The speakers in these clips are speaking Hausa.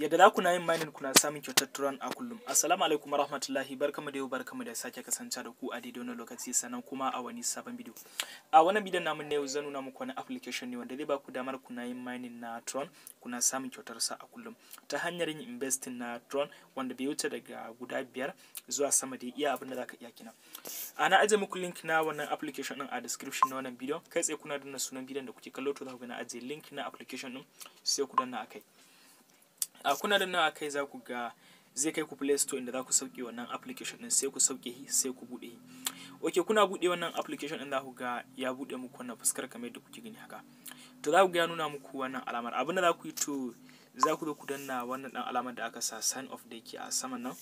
yadda za ku na yin mining kuna samun kyautar turan a kullum assalamu alaikum warahmatullahi barkamu da yau barkamu da sake kasance da ku a daidai wani lokaci sannan kuma a wani sabon bidiyo a wannan bidiyon namu ne zan nuna muku wani application ne wanda zai ba ku damar kuna yin mining na tron kuna samun kyautar sa a kullum ta hanyar yin investing na tron wanda bai wuce daga guda biyar zuwa sama da iya abin da za ka iya kina ana ajiye muku link na wannan application din a description na wannan bidiyo kai tsaye kuna danna sunan bidiyon da kuke kallo to za ku a ajiye link na application din sai ku danna akai a kuna da nan akai za ku ga zai kai ku play store inda za ku sauke wannan application din sai ku sauke sai ku bude ok kuna bude wannan application din za ku ga ya bude muku wannan fuskar kamar yadda kuke gani haka to za ku ga ya nuna muku wannan alamar abin da za ku yi to za ku zo ku danna wannan dan alamar da aka sa sign off da yake a saman nan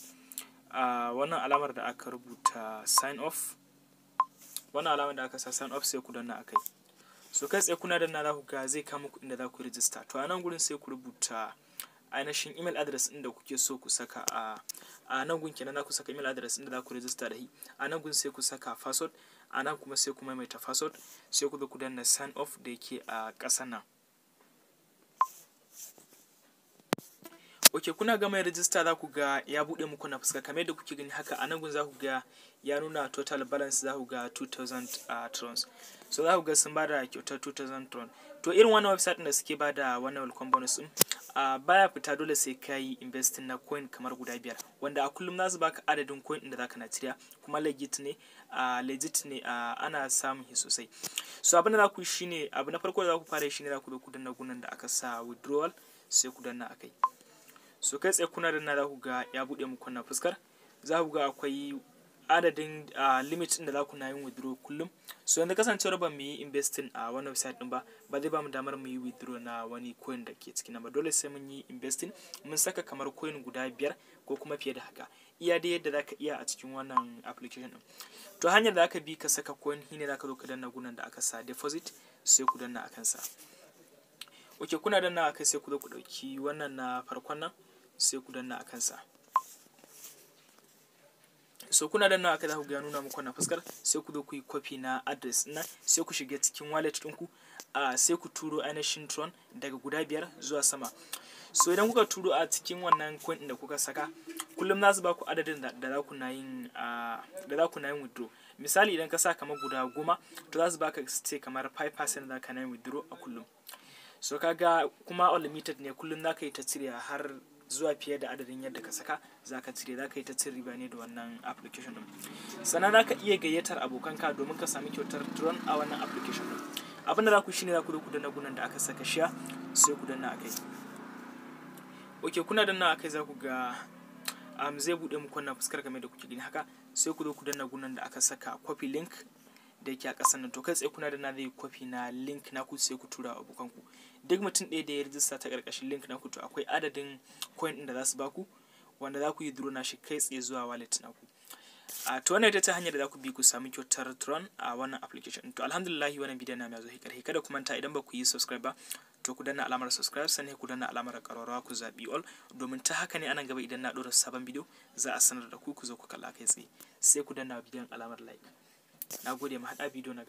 a wannan alamar da aka rubuta sign off wannan alamar da aka sa sign off sai ku danna akai so kai tsaye kuna danna za ku ga zai kama muku inda za ku register to a nan gurin sai ku rubuta ainihin email address ɗin da kuke so ku saka a a nan gun kenan za ku saka email address ɗin da za ku register da shi a nan gun sai ku saka password a nan kuma sai ku maimaita password sai ku zo ku danna sign off da yake a ƙasa nan ok kuna gama register za ku ga ya buɗe muku na fuska kamar yadda kuke gani haka a nan gun za ku ga ya nuna total balance za ku ga 2000 uh, trons so za ku ga sun bada kyautar 2000 trons to irin wannan website da suke bada wannan welcome bonus din uh, baya fita dole sai ka yi investing na coin kamar guda biyar wanda a kullum za baka adadin coin da zaka na cira kuma legit ne uh, legit ne uh, ana samun shi sosai so abin da za ku shine abu na farko da za ku fara shine za ku zo ku danna gunan da aka sa withdrawal sai ku danna akai so kai tsaye kuna danna za ku ga ya bude muku wannan fuskar za ku ga akwai adadin limit ɗin da za ku na yin withdraw kullum so yanzu kasancewar ba mu yi investing a wani website ɗin ba ba zai ba mu damar mu yi withdraw na wani coin da ke cikin ba dole sai mun yi investing mun saka kamar coin guda biyar ko kuma fiye da haka iya dai yadda za ka iya a cikin wannan application ɗin to hanyar da aka bi ka saka coin shine za ka zo ka danna gunan da aka sa deposit sai ku danna akan sa ok kuna danna akai sai ku zo ku ɗauki wannan na farkon nan sai ku danna akan sa so kuna danna aka za ku ga nuna muku wannan fuskar sai ku zo ku yi copy na address na sai ku shiga cikin wallet ku a sai ku turo ainihin tron daga guda biyar zuwa sama so idan kuka turo a cikin wannan coin da kuka saka kullum za su ba ku adadin da za ku na yin da za ku na withdraw misali idan ka sa kamar guda goma to za su baka ce kamar 5% za ka na yin withdraw a kullum so kaga kuma unlimited ne kullum za ka yi ta cire har zuwa fiye da adadin yadda ka saka za ka cire za ka yi ta cin riba ne da wannan application din sannan za ka iya gayyatar abokanka domin ka sami kyautar drone a wannan application din abin da za ku shine za ku ku danna gunan da aka saka shiya sai ku danna akai ok kuna danna akai za ku ga um, zai buɗe muku wannan fuskar game da kuke gani haka sai ku zo ku danna gunan da aka saka copy link da yake a ƙasar nan to kai tsaye kuna da na zai kwafi na link na ku sai ku tura abokan ku duk mutum ɗaya da ya rijista ta ƙarƙashin link naku to akwai adadin coin ɗin da za su ba ku wanda za ku yi na shi kai tsaye zuwa wallet ku? a to wannan ita ta hanyar da za ku bi ku sami kyautar tron a wannan application to alhamdulillah wannan bidiyon na ya zo hikar da kuma ta idan ba ku yi subscribe ba to ku danna alamar subscribe sannan ku danna alamar ƙararrawa ku zaɓi all domin ta haka ne anan gaba idan na ɗora sabon bidiyo za a sanar da ku ku zo ku kalla kai tsaye sai ku danna bidiyon alamar like na gode mu haɗa bidiyo na gaba